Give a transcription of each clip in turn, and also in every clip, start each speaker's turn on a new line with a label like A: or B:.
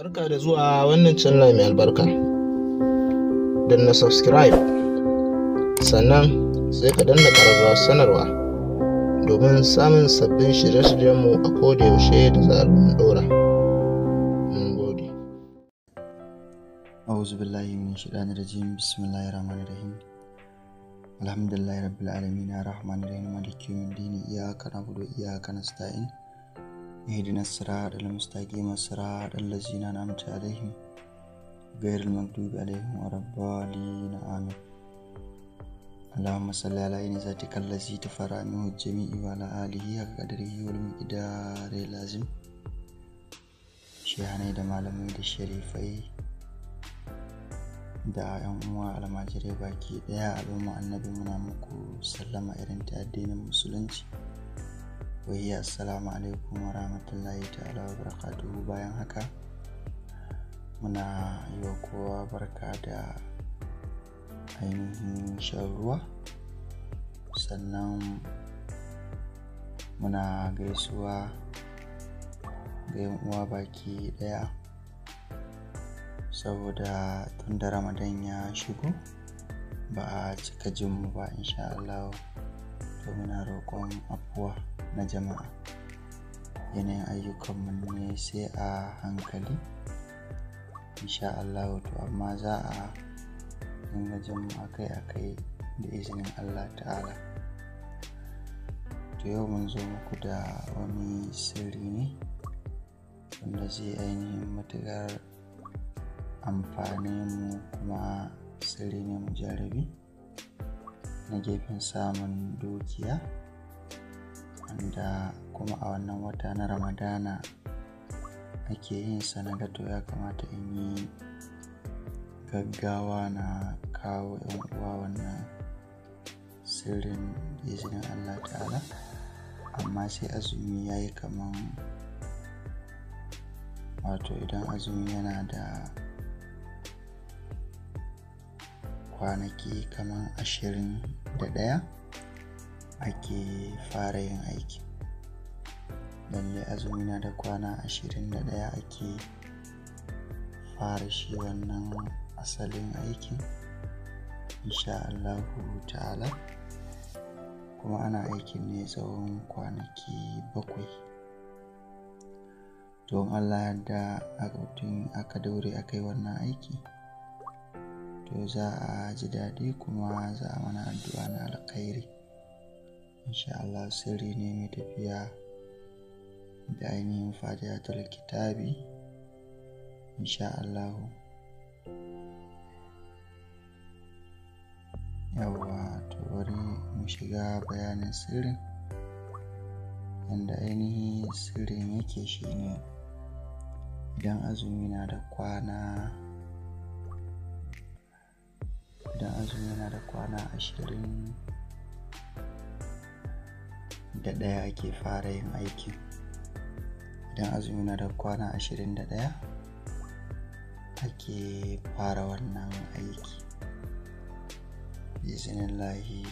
A: Barka da zuwa wannan channel mai albarka. na subscribe, sannan sai ka danna ƙararrawar sanarwa domin samun sabbin shirye-shiryenmu a kodayaushe da zarar mun ɗora. Mun gode. أعوذ بالله من الشيطان الرجيم بسم الله الرحمن الرحيم الحمد لله رب العالمين الرحمن الرحيم مالك يوم الدين إياك نعبد وإياك نستعين اهدنا الصراط المستقيم الصراط الذين انعمت عليهم غير المغضوب عليهم ولا الضالين امين اللهم صل على عين ذاتك الذي تفرع منه الجميع وعلى اله وقدره والمقدار اللازم شيخنا da malamai da sharifai da yan uwa almajirai baki daya al'umma annabi muna muku sallama irin ta addinin musulunci wai assalamu alaikum wa rahmatullahi ta'ala wa barakatuhu bayan haka muna yi wa kowa barka da ainihin shan ruwa sannan muna gaisuwa ga uwa baki daya saboda tun da ramadan ya shigo ba a cika jinmu ba insha'Allah to muna roƙon afuwa na jama'a yanayin ayyukanmu ne sai a hankali insha Allah to amma za a dinga jama'a kai a kai da izinin Allah ta'ala to yau mun zo muku da wani sirri ne wanda zai ainihin matuƙar amfani mu kuma sirri ne mu jarabi na gefen samun dukiya wanda kuma a wannan wata na ramadana ake yin sa na to ya kamata in yi gaggawa na kawo 'yan uwa wannan sirrin izinin allah ta'ala amma sai azumi ya yi kaman wato idan azumi yana da kwanaki kaman ashirin da ɗaya ake fara yin aiki lallai azumi na da kwana ashirin da ɗaya ake fara shi wannan asalin aiki insha Allahu ta'ala kuma ana aikin ne tsawon kwanaki bakwai don Allah da agautun aka daure aka yi wannan aiki to za a ji daɗi kuma za a mana addu'a na alkhairi insha Allah sirri ne mai tafiya da ainihin fatihatul kitabi insha Allah yawwa to bari mu shiga bayanin sirrin wanda ainihin sirrin yake ne idan azumi na da kwana idan azumi na da kwana ashirin da ɗaya ake fara yin aiki idan azumi na da kwana ashirin da ɗaya ake fara wannan aiki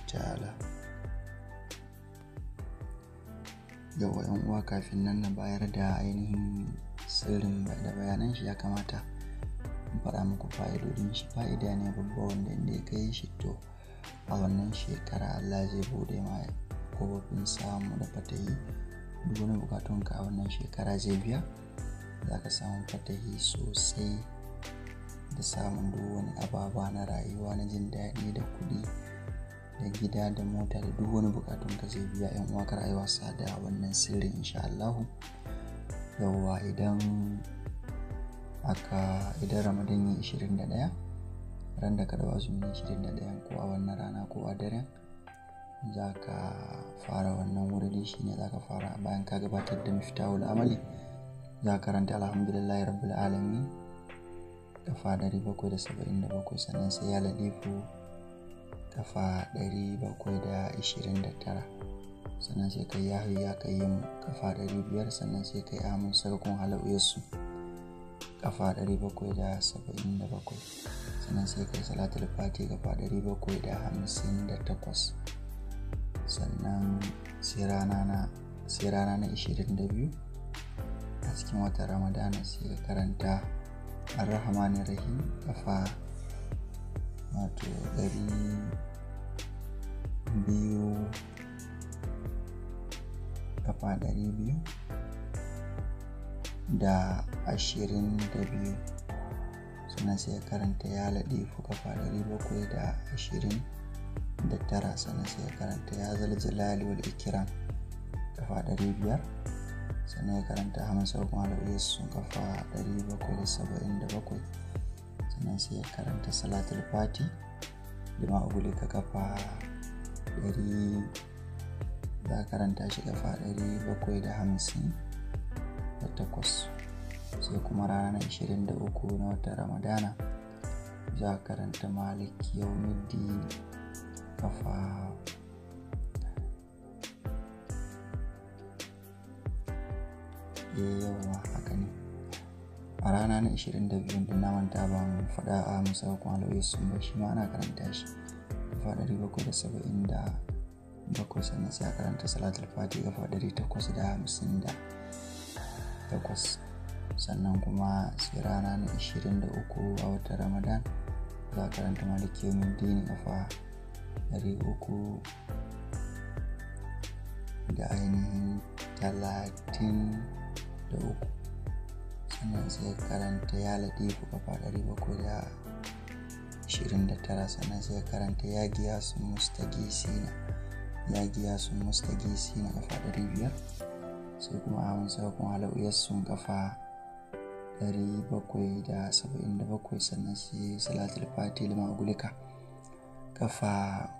A: ta ta'ala yawa yan uwa kafin nan na bayar da ainihin sirrin da bayanan shi ya kamata in faɗa muku fa'idodin shi fa'ida ne babba wanda inda ya kai shi to a wannan shekara Allah zai bude ma kofofin samu da fatahi duk wani ka a wannan shekara zai biya za ka samu fatahi sosai da samun duk wani ababa na rayuwa na jin daɗi da kuɗi da gida da mota da duk wani bukatun ka zai biya yan uwa rayuwa, ayi wasa da wannan sirri, insha Allahu yawwa idan aka idan ramadan ne 21 ran da ka da wasu ne 21 ko a wannan rana ko a daren za ka fara wannan shi ne za ka fara bayan ka gabatar da miftahul amali za ka karanta alhamdulillahi rabbil alamin kafa 777 sannan sai ya ladifu kafa 729 sannan sai kai yahu ya kai yin kafa 500 sannan sai kai amin sarkun halawiyarsu kafa 777 sannan sai kai salatul fati kafa 758 sannan sai rana na sai rana na 22 a cikin wata ramadana sai ka karanta arrahmanin rahim kafa wato ɗari biyu kafa ɗari biyu da ashirin da biyu sannan sai ya karanta ya laɗe kafa ɗari bakwai da ashirin da tara sannan sai ya karanta ya zaljalali wal ikiran kafa ɗari biyar sannan ya karanta sau kuma al'uyyar sun kafa ɗari bakwai da saba'in da bakwai sannan sai ya karanta salatul fati ma uguli ka kafa ɗari za karanta shi kafa ɗari bakwai da hamsin da takwas sai kuma ranar ishirin da uku na watan ramadana za karanta malik yau middini 头发。eh yawa haka ne a rana na 22 da na manta mu faɗa a musa kuma yi sun ba shi ma ana karanta shi kafa bakwai da bakwai sannan sai a karanta salatul fati kafa takwas. sannan kuma sai rana na 23 a wata ramadan za a karanta maliki mun dini kafa dari uku da ini talatin da uku sannan sai karanta ya latifu kafa dari bakwai da ashirin da tara sannan sai karanta ya giya sun mustagi sina ya giya su mustagi sina kafa dari biyar sai kuma a hamsa kuma halau'iyar sun kafa bakwai sannan sai salatul fati lima ƙafa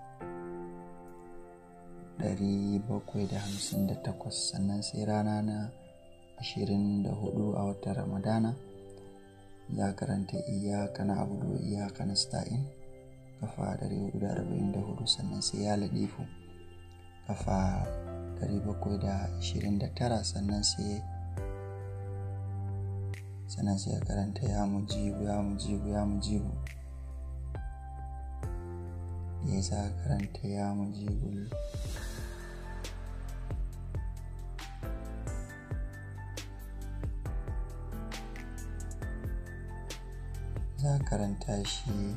A: 758 sannan sai rana na 24 a watan ramadana za karanta iyaka na abu da iyaka na sta'in ƙafa hudu sannan sai ya ladifu ƙafa 729 sannan sai sannan sai ya karanta ya mujibu ya mujibu ya mujibu ya sa karanta ya mu muje gullo za karanta shi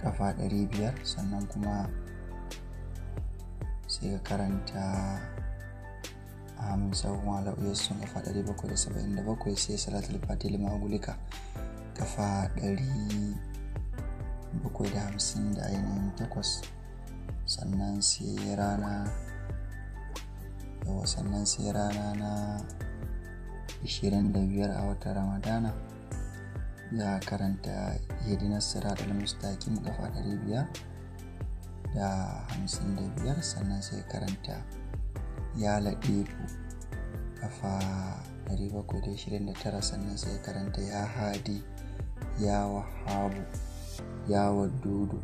A: kafa 500 sannan kuma sai ka karanta hamsahun ala'uwa sun kafa 777 sai salatul fatil magulika kafa 100 bakwai da hamsin da ainihin takwas sannan sai rana yawa sannan sai rana na 25 a watan ramadana za a karanta hidina siratul mustaqim kafa 500 da 55 sannan sai karanta ya laɗefu kafa 729 sannan sai karanta ya hadi ya wahabu yawon dodo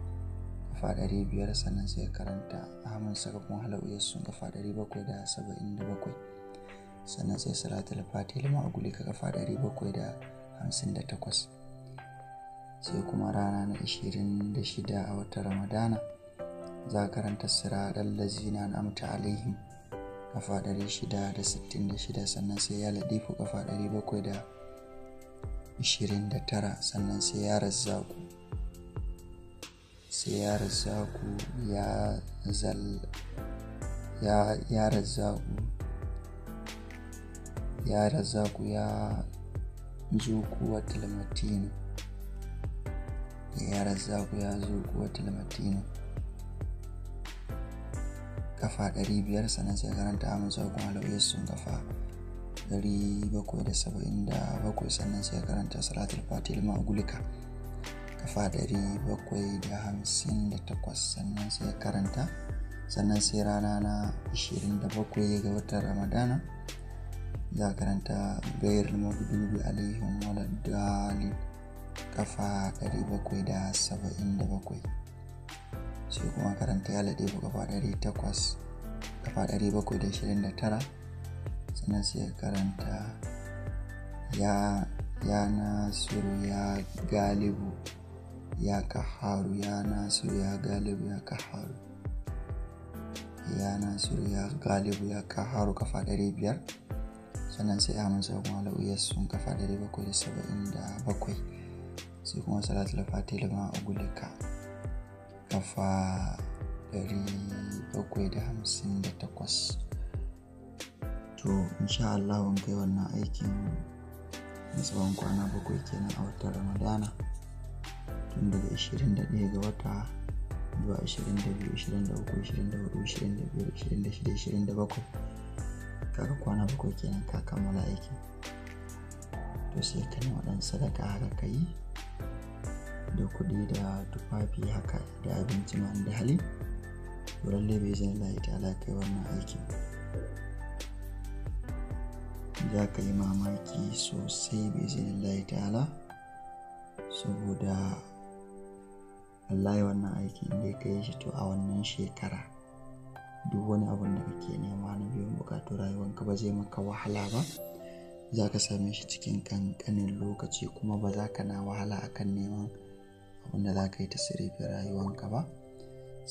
A: kafa biyar sannan sai ya karanta ahmad sakakun halawiyar sun kafa bakwai sannan sai salatul fatih lima aguli ka kafa takwas sai kuma rana na ishirin da shida a watan ramadana za karanta siraɗar lazina na amta alaihim kafa shida sannan sai ya ladifu kafa tara sannan sai ya razzaku sai ya razaku ya zal ya ya razaku ya razaku ya zuku watal matinu ya razaku ya zuku watal matinu kafa 500 sannan sai karanta amsa kuma lauye sun kafa 777 sannan sai karanta salatul fatil ma'ugulika kafa ɗari bakwai da hamsin da takwas sannan sai karanta sannan sai rana na 27 ga watan ramadana za a karanta bayar magdubi alaihim waladdalin kafa 777 sai kuma karanta ya laɗe kafa 800 da 729 sannan sai karanta ya ya nasiru ya galibu Ya kaharu ya Nasiru ya Galibu ya kaharu ya nasiru ya galibu ya kaharu kafa ɗari biyar sannan sai amin sai kuma al'uyas sun kafa ɗari bakwai da saba'in da bakwai sai kuma Salatu salatul fati lima ugulika kafa ɗari bakwai da hamsin da takwas to insha Allah kai wannan aikin na kwana bakwai kenan a watan ramadana tun daga 21 ga wata zuwa 22 23 24 25 26 27 kaga kwana bakwai kenan ka kammala aiki to sai ka nema dan sadaka haka ka yi da kuɗi da tufafi haka da abinci ma da hali wurin lalle bai zan layi ta kai wannan aikin za ka yi mamaki sosai bai zai layi ala saboda ya wannan aiki da ya kayi shi to a wannan shekara duk wani abun da kake nema na biyan bukatu rayuwanka ba zai maka wahala ba za ka same shi cikin kankanin lokaci kuma ba za ka na wahala akan neman abun da za ka yi ta sirifin rayuwanka ba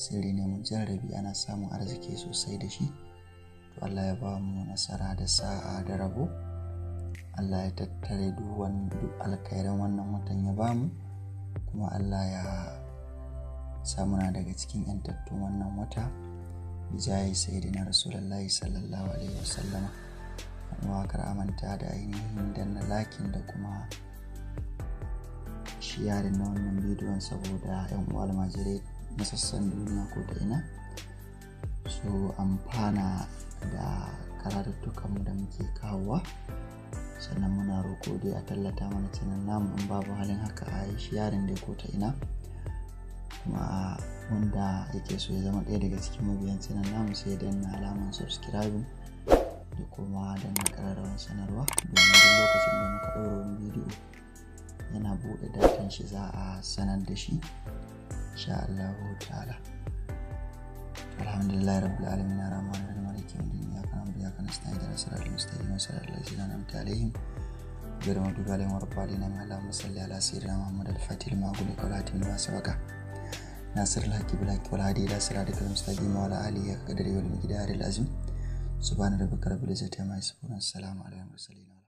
A: sirri ne mun jarrabi ana samun arziki sosai da shi to Allah ya ba mu nasara da sa'a da rabo Allah ya tattare duk alkhairin wannan watan ya ba mu kuma Allah ya samuna daga cikin ‘yantattun wannan wata bijayi na rasulallah sallallahu alaihi wasallama kuma kar amanta da ainihin danna lakin da kuma shiyarin da na wannan bidiyon saboda yan uwa almajirai na sassan duniya ko ta ina su amfana da karatuttukanmu da muke kawowa sannan muna roko dai a tallata mana canan namu babu halin haka a yi shiyarin dai ko ta ina kuma wanda yake so ya zama ɗaya daga cikin mabiyan sanar namu sai danna alamar subscribe da kuma danna ƙararrawar sanarwa domin duk lokacin da muka ɗaura wani bidiyo yana buɗe datan shi za a sanar da shi insha Allah ta'ala alhamdulillah rabbil alamin arrahman arrahim maliki yawmiddin iyyaka na'budu wa iyyaka nasta'in da siratal mustaqim siratal ladzina an'amta alaihim غير المغضوب عليهم ولا الضالين ala صل Muhammad al محمد الفاتح المغلوب والخاتم لما nasir laki bilaki wal hadi da sira da kalam sai ma wala ali ya kadari wal mujdari lazim subhana rabbika rabbil izzati amma yasifun assalamu alaikum wa sallam